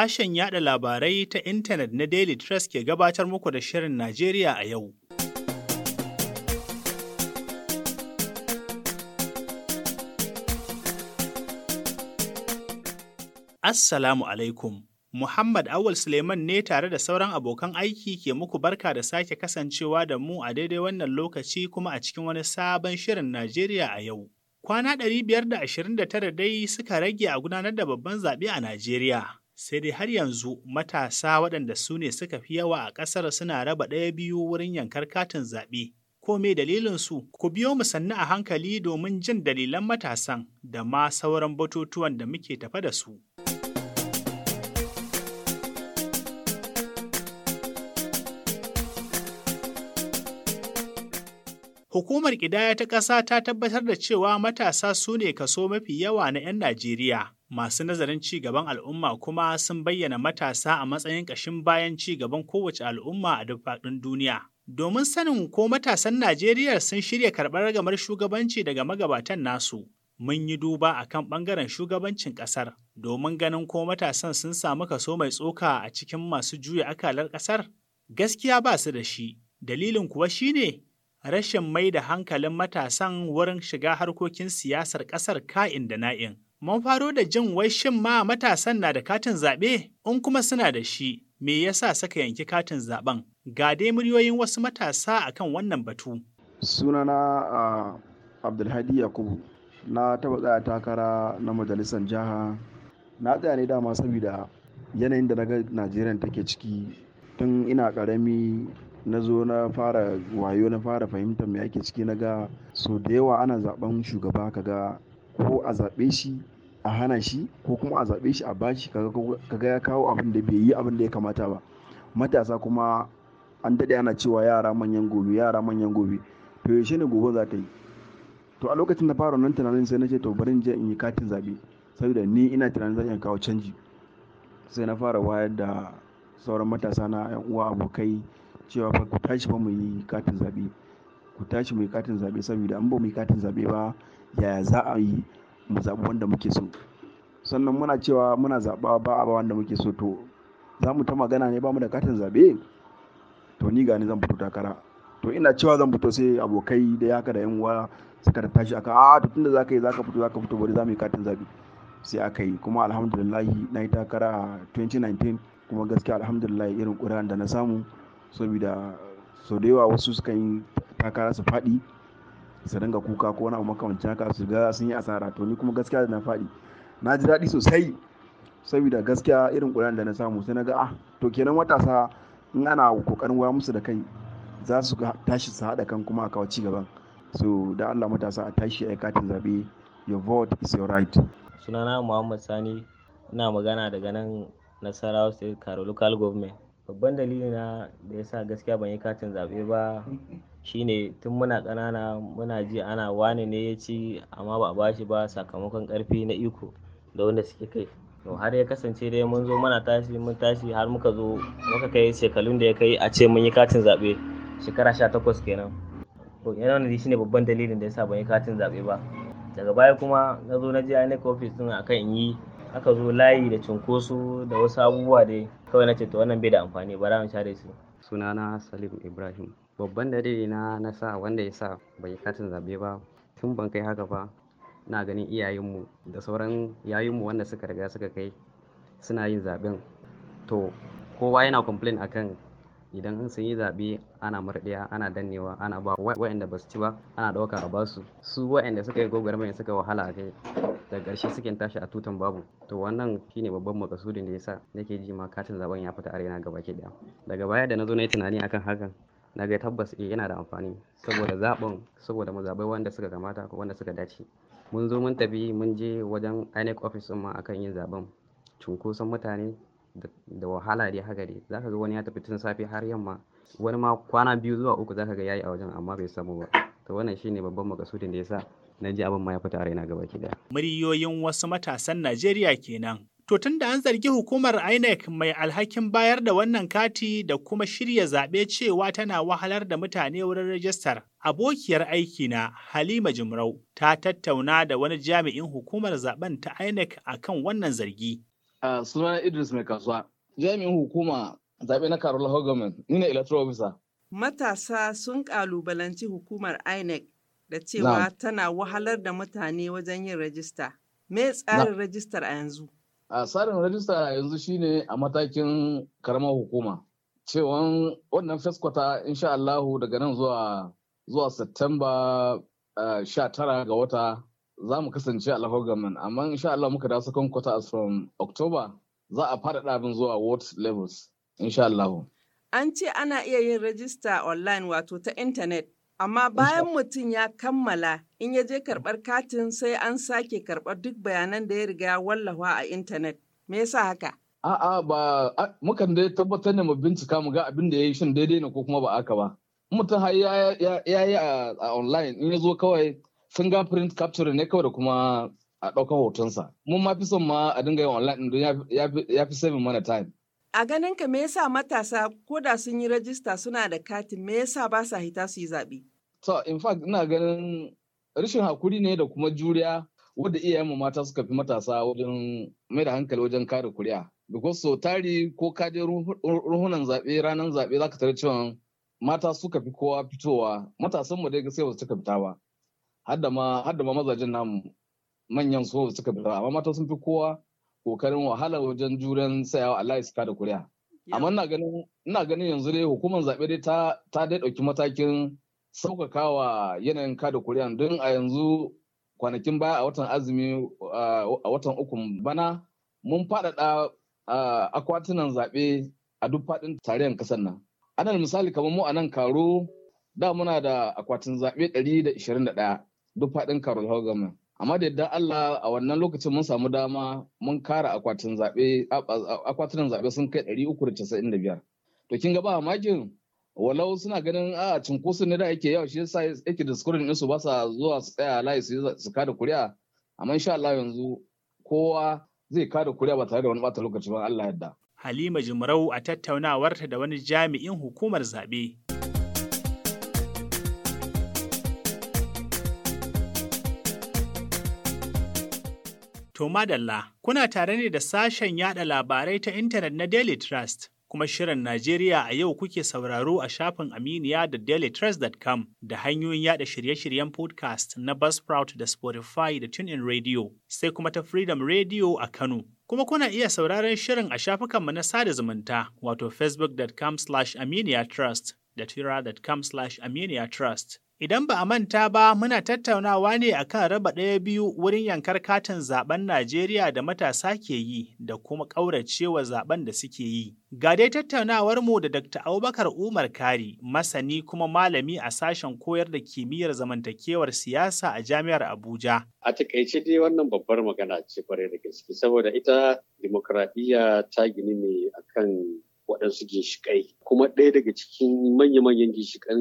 sashen yada labarai ta intanet na Daily Trust ke gabatar muku da Shirin Najeriya a yau. Assalamu alaikum. Muhammad Awal Suleiman ne tare da sauran abokan aiki ke muku barka da sake kasancewa da mu a daidai wannan lokaci kuma a cikin wani sabon shirin Najeriya a yau. Kwana 529 dai suka rage a gudanar da babban zaɓe a Najeriya. sai dai har yanzu matasa waɗanda su ne suka fi yawa a ƙasar suna raba ɗaya biyu wurin yankar katin zaɓe. Ko me dalilinsu? Ku biyo mu sannu a hankali domin jin dalilan matasan da ma sauran batutuwan da muke tafa da su. Hukumar ƙidaya ta ƙasa ta tabbatar da cewa matasa su ne kaso mafi yawa na 'yan Najeriya. Masu nazarin ci gaban al'umma kuma sun bayyana matasa a matsayin ƙashin bayan ci gaban kowace al'umma a duk faɗin duniya. Domin sanin ko matasan Najeriya sun shirya karɓar ragamar shugabanci daga magabatan nasu, mun yi duba a kan ɓangaren shugabancin ƙasar domin ganin ko matasan sun samu kaso mai tsoka a cikin masu juya akalar ƙasar. Gaskiya ba su da shi, dalilin kuwa shine rashin mai da hankalin matasan wurin shiga harkokin siyasar ƙasar ka'in da na'in. Mun faro da jin wai shin ma matasan na da katin zaɓe in kuma suna da shi, me yasa saka yanki katin zaɓen? Ga dai muryoyin wasu matasa akan wannan batu. Sunana uh, Abdulhadi Yakubu na taɓa tsaya takara na majalisar jiha. Na tsaya ne dama saboda yanayin da na ga Najeriya take ciki tun ina ƙarami na zo na fara wayo na fara fahimtar mai ake ciki na ga so da yawa ana zaben shugaba ka ga ko a zaɓe shi a hana shi ko kuma a zaɓe shi a bashi kaga ya kawo abin da bai yi abin da ya kamata ba matasa kuma an daɗe ana cewa yara manyan gobe yara manyan gobe to yaushe ne gobe za ta yi to a lokacin da fara nan tunanin sai na ce to bari in yi katin zaɓe saboda ni ina tunanin zan iya kawo canji sai na fara wayar da sauran matasa na yan uwa abokai cewa fa ku tashi fa mu yi katin zaɓe ku tashi mu yi katin zaɓe saboda an ba mu yi katin zaɓe ba yaya za a yi mu zaɓi wanda muke so sannan muna cewa muna zaɓa ba a ba wanda muke so to za mu ta magana ne ba mu da katin zaɓe to ni gani zan fito takara to ina cewa zan fito sai abokai da yaka da yan uwa suka tashi aka a to tunda zaka yi zaka fito zaka fito bari za mu yi katin zaɓe sai aka yi kuma alhamdulillah na yi takara a 2019 kuma gaskiya alhamdulillah irin ƙuri'an da na samu saboda eh, sau da yawa wasu sukan yi takara su faɗi su dinga kuka ko wani abu makamancin haka su ga sun yi asara to ni kuma gaskiya da na faɗi na ji daɗi sosai saboda gaskiya irin ƙuri'an da na samu sai na ga ah to kenan matasa in ana kokarin wa musu da kai za su tashi su haɗa kan kuma a kawo ci gaban so da Allah matasa a tashi a katin zaɓe your vote is your right sunana Muhammad Sani ina magana daga nan Nasarawa State Karo Local Government Babban dalili na da ya sa gaskiya ban yi katin zaɓe ba shine tun muna ƙanana muna ji ana wane ne ya ci amma ba a bashi ba sakamakon ƙarfi na iko da wanda suke kai. To har ya kasance dai mun zo muna tashi mun tashi har muka zo muka kai shekarun da ya kai a ce mun yi katin zaɓe shekara sha takwas kenan. To wani shine babban dalilin da ya sa ban yi katin zaɓe ba. Daga baya kuma na zo na je ofis office ɗin akan in yi aka zo layi da cunkoso da wasu abubuwa dai kawai na ce to wannan bai da amfani ba mu share su sunana salim ibrahim babban dalili na na sa wanda ya sa bai katin zabe ba tun ban kai haka ba na ganin iyayenmu da sauran yayinmu wanda suka riga suka kai suna yin zaben to kowa yana complain akan idan sun yi zaɓe ana murɗiya ana dannewa ana ba wa'anda ba su ci ba ana ɗauka a basu su wa'anda suka yi mai suka wahala a kai daga ƙarshe suke tashi a tutan babu to wannan shine babban makasudin da yasa nake ji ma katin zaben ya fita arena gaba ke daya daga baya da na zo na yi tunani akan hakan na ga tabbas eh yana da amfani saboda zaben saboda mu zaɓi wanda suka kamata ko wanda suka dace mun zo mun tafi mun je wajen INEC office ma akan yin zaben cunkoson mutane da wahala dai haka dai zaka ga wani ya tafi tun safe har yamma wani ma kwana biyu zuwa uku zaka ga yayi a wajen amma bai samu ba to wannan shine babban makasudin da yasa na ji abin ma ya fita a raina gaba daya muryoyin wasu matasan Najeriya kenan to tun da an zargi hukumar INEC mai alhakin bayar da wannan kati da kuma shirya zaɓe cewa tana wahalar da mutane wurin rajistar abokiyar aiki na Halima Jimrau ta tattauna da wani jami'in hukumar zaben ta INEC akan wannan zargi Sunan Idris mai kasuwa. Jami'in hukuma zaɓe na Karol Hogaman, ni ne electoral officer. Matasa sun ƙalubalanci hukumar INEC da cewa tana wahalar da mutane wajen yin rajista. Me tsarin rajistar a yanzu? A tsarin rajista a yanzu shine a matakin karamar hukuma. Cewan wannan feskwata insha Allahu daga nan zuwa zuwa Satamba eh, sha tara ga wata za mu kasance a local government amma insha Allah muka dawo second quarter as from October za a fara abin zuwa world levels insha Allah. An ce ana iya yin rajista online wato ta intanet amma bayan mutum ya kammala in ya je karɓar katin sai an sake karɓar duk bayanan da ya riga wallafa a intanet me yasa haka? A'a ba mukan dai tabbatar da mu bincika mu ga abin da ya yi shin daidai ne ko kuma ba aka ba. Mutum har ya yi a online in ya zo kawai fingerprint capturing ne kawai da kuma a ɗaukar hotonsa. Mun ma fi son ma a dinga yin online don ya fi saving mana time. A ganin ka me yasa matasa ko da sun yi rajista suna da katin me yasa ba sa hita su yi zaɓe? To in fact ina ganin rashin hakuri ne da kuma juriya wadda mu mata suka fi matasa wajen mai da hankali wajen kare kuri'a. Because so tari ko ka je ruhunan zaɓe ranar zaɓe za ka tare cewa mata suka fi kowa fitowa matasanmu dai gaskiya ba su cika fita ba. hadda ma mazajen namu manyan so suka fita amma mata sun fi kowa kokarin wahala wajen juren sayawa a layi suka da kuri'a amma ina ganin yanzu dai hukumar zaɓe dai ta ta dai ɗauki matakin sauƙaƙawa yanayin kada kuri'a don a yanzu kwanakin baya a watan azumi a watan uku bana mun faɗaɗa akwatunan zaɓe a duk faɗin tarayyar ƙasar nan anan misali kamar mu a nan karo da muna da akwatin zaɓe 121 duk faɗin Karol Hogaman. Amma da yadda Allah a wannan lokacin mun samu dama mun kara akwatin zaɓe akwatunan zaɓe sun kai da casain biyar. To kin gaba ba makin walau suna ganin a cinkoso ne da yake yawa shi yasa yake da sukurin ɗinsu ba sa zuwa su tsaya layi su kada kuri'a amma insha Allah yanzu kowa zai kada kuri'a ba tare da wani bata lokaci ba Allah yadda. Halima Jimrau a tattaunawarta da wani jami'in hukumar zaɓe. To madalla, kuna tare ne da sashen yada labarai ta intanet na Daily Trust, kuma shirin Najeriya a yau kuke sauraro a shafin Aminiya da dailytrust.com da hanyoyin yada shirye-shiryen podcast na Buzzsprout da Spotify da TuneIn Radio, sai kuma ta Freedom Radio a Kano. Kuma kuna iya sauraron shirin a shafukanmu na sada zumunta, wato facebookcom aminiyatrust da twittercom aminiyatrust Idan ba a manta ba muna tattaunawa ne akan raba ɗaya biyu wurin yankar katin zaben Najeriya da matasa ke yi da kuma ƙauracewa zaben da suke yi. Ga dai tattaunawar mu da Dr. Abubakar Umar Kari, masani kuma malami a sashen koyar da kimiyyar zamantakewar siyasa a Jami'ar Abuja. A takaice dai wannan babbar magana ce kwarai da gaske saboda ita dimokuraɗiyya ta gini ne akan waɗansu ginshiƙai kuma ɗaya daga cikin manya-manyan ginshiƙan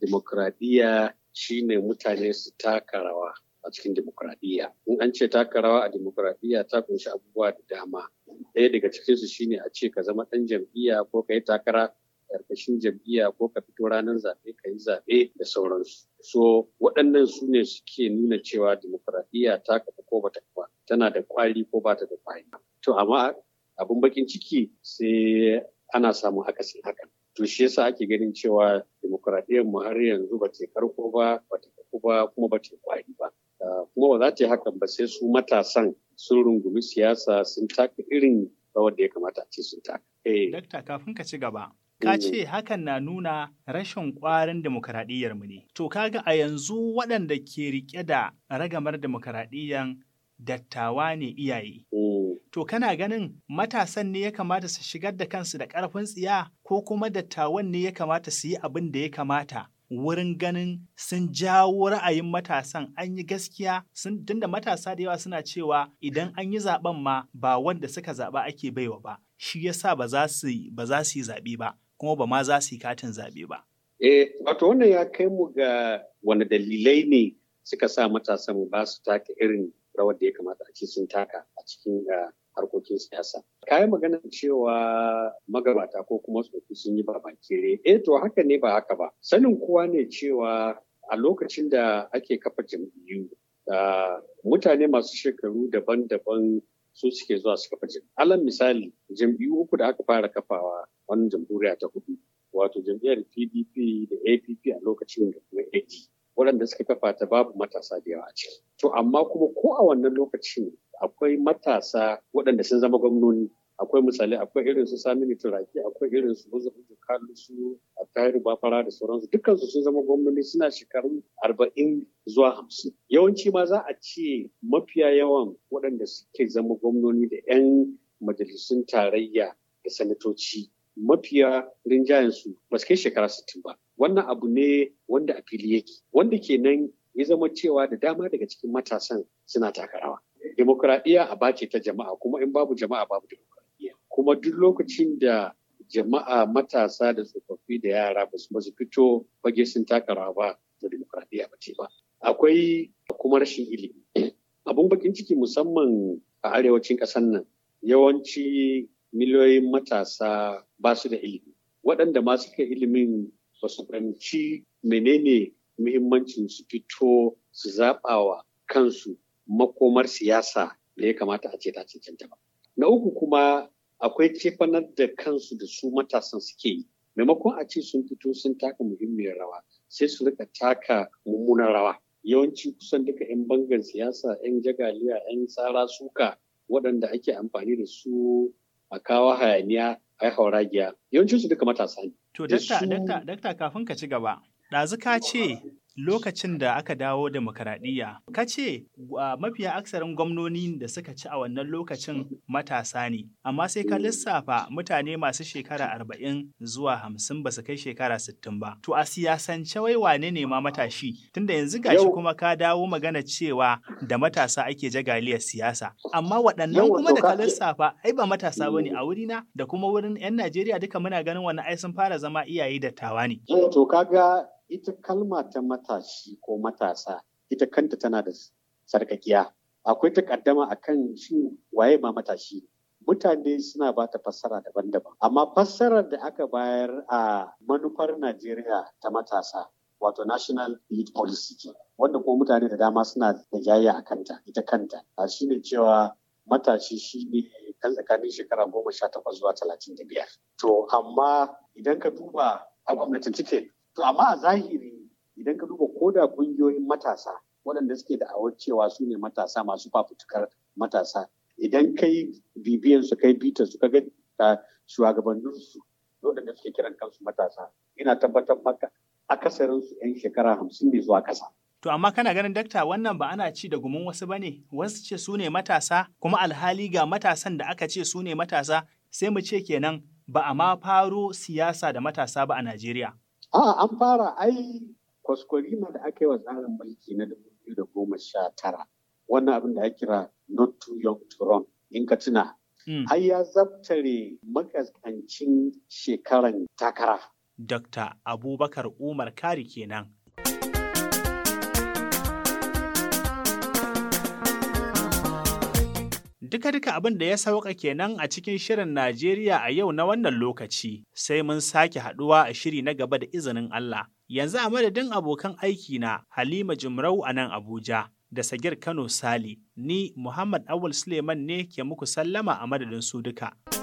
dimokuraɗiyya shine mutane su taka rawa a cikin demokradiyya in an ce taka rawa a demokradiyya ta kunshi abubuwa da dama ɗaya daga cikinsu shine a ce ka zama ɗan jam'iyya ko ka yi takara ƙarƙashin jam'iyya ko ka fito ranar zaɓe ka yi zaɓe da sauransu. So waɗannan su ne suke nuna cewa demokradiyya ta kafa ko bata kafa tana da kwari ko bata da kwari. To amma abin bakin ciki sai ana samun akasin hakan. To shi yasa ake ganin cewa demokuraɗiyyar mu har yanzu ba ta karko ba, ba ta karko ba kuma ba ta kwari ba. Ah, kuma ba za ta yi hakan ba sai su matasan sun rungumi siyasa sun taka irin rawar da ya kamata ce sun taka. Eh. Dakta kafin ka ci gaba. Ka mm-hmm. ce hakan na nuna rashin ƙwarin demokuraɗiyyar mu ne. To kaga a yanzu waɗanda ke riƙe da ragamar demokuraɗiyyar dattawa ne iyaye. Mm. To kana ganin matasan ne ya kamata su shigar da kansu da ƙarfin tsiya ko kuma dattawan ne ya kamata su yi abin da ya kamata wurin ganin sun jawo ra'ayin matasan an yi gaskiya sun tunda matasa da yawa suna cewa idan an yi zaben ma ba wanda suka zaba ake baiwa ba shi yasa ba za ba za su yi zabe ba kuma ba ma za su yi katin zaɓe ba. Eh wato wannan ya kai mu ga wani dalilai ne suka sa matasan ba su take irin rawar da ya kamata a ce sun taka a cikin eh, harkokin siyasa. Kayan magana cewa magabata ko kuma tsofi sun yi babakere, eh to haka ne ba haka ba. Sanin kowa ne cewa a lokacin da ake kafa jam'iyyu mutane masu shekaru daban-daban su suke zuwa su kafa jam'iyyu. Alal misali jam'iyyu uku da aka fara kafawa wannan jamhuriya ta hudu wato jam'iyyar PDP da APP a lokacin da kuma AD. waɗanda suka kafa ta babu matasa da yawa a ciki. To amma kuma ko a wannan lokacin akwai matasa waɗanda sun zama gwamnoni akwai misali akwai irin su Saminu Turaki akwai irin su Muhammadu Kalu su Atayiru Bafara da sauransu dukansu sun zama gwamnoni suna shekaru arba'in zuwa hamsin. Yawanci ma za a ce mafiya yawan waɗanda suke zama gwamnoni da 'yan majalisun tarayya da sanatoci mafiya rinjayensu ba su kai shekara sittin ba. wannan abu ne wanda a fili yake wanda kenan ya zama cewa da dama daga cikin matasan suna takarawa. rawa demokradiyya a bace ta jama'a kuma in babu jama'a babu demokradiyya kuma duk lokacin da jama'a matasa da tsofaffi da yara ba su fito fage sun takarawa ba da demokradiyya ba ba akwai kuma rashin ilimi abun bakin ciki musamman a arewacin ƙasar nan yawanci miliyoyin matasa ba su da ilimi waɗanda ma ilimin ba su fahimci menene muhimmancin su fito su zaɓa wa kansu makomar siyasa da ya kamata a ce ta cancanta ba. Na uku kuma akwai cefanar da kansu da su matasan suke yi. Maimakon a ce sun fito sun taka muhimmiyar rawa sai su rika taka mummunar rawa. Yawanci kusan duka 'yan bangar siyasa, 'yan jagaliya, 'yan tsara suka waɗanda ake amfani da su a kawo hayaniya a hauragiya. Yawancin su duka matasa ne. To, dakta, dakta, dakta kafin ka ci gaba, ɗazu ka ce lokacin da aka dawo demokaradiyya ka ce mafiya aksarin gwamnoni da suka ci a wannan lokacin matasa ne amma sai ka lissafa mutane masu shekara arba'in zuwa hamsin ba su kai shekara sittin ba to a siyasance wai wane ne ma matashi tunda yanzu gashi kuma ka dawo magana cewa da matasa ake jagaliyar siyasa amma waɗannan kuma da ka lissafa ai ba matasa bane mm. a wurina da kuma wurin 'yan Najeriya duka muna ganin wannan ai sun fara zama iyaye dattawa ne. To kaga ita kalma ta matashi ko matasa ita kanta tana da sarkakiya akwai takaddama kan shi waye ma matashi mutane suna ba ta fassara daban-daban amma fassarar da aka bayar a manufar najeriya ta matasa wato national youth policy wanda kuma mutane da dama suna da jayya a kanta ita kanta a shine cewa matashi shi ne kan tsakanin shekara goma sha takwas zuwa talatin da biyar to amma idan ka duba a gwamnatin cikin. To amma a zahiri idan ka duba koda da kungiyoyin matasa waɗanda suke da awar cewa su ne matasa masu fafutukar matasa idan kai bibiyan su kai bitan su kaga shugabannin su waɗanda suke kiran kansu matasa ina tabbatar maka akasarin su 'yan shekara hamsin ne zuwa ƙasa. To amma kana ganin dakta wannan ba ana ci da gumin wasu bane wasu ce su ne matasa kuma alhali ga matasan da aka ce su ne matasa sai mu ce kenan ba a ma faro siyasa da matasa ba a Najeriya. A an fara ai kwaskwarima da aka yi wa tsarin mulki na 2019 wannan abin da ya kira not too young to run in ka tuna hmm. har ya zabtare makaskancin shekaran takara. Dr. Abubakar Umar Kari kenan Duka-duka abin da ya sauka kenan a cikin shirin Najeriya a yau na wannan lokaci, sai mun sake haɗuwa a shiri na gaba da izinin Allah. Yanzu a madadin abokan aiki na Halima Jumrau a nan Abuja da Sagir Kano Sali, ni Muhammad Awul Suleiman ne ke muku sallama a madadin su duka.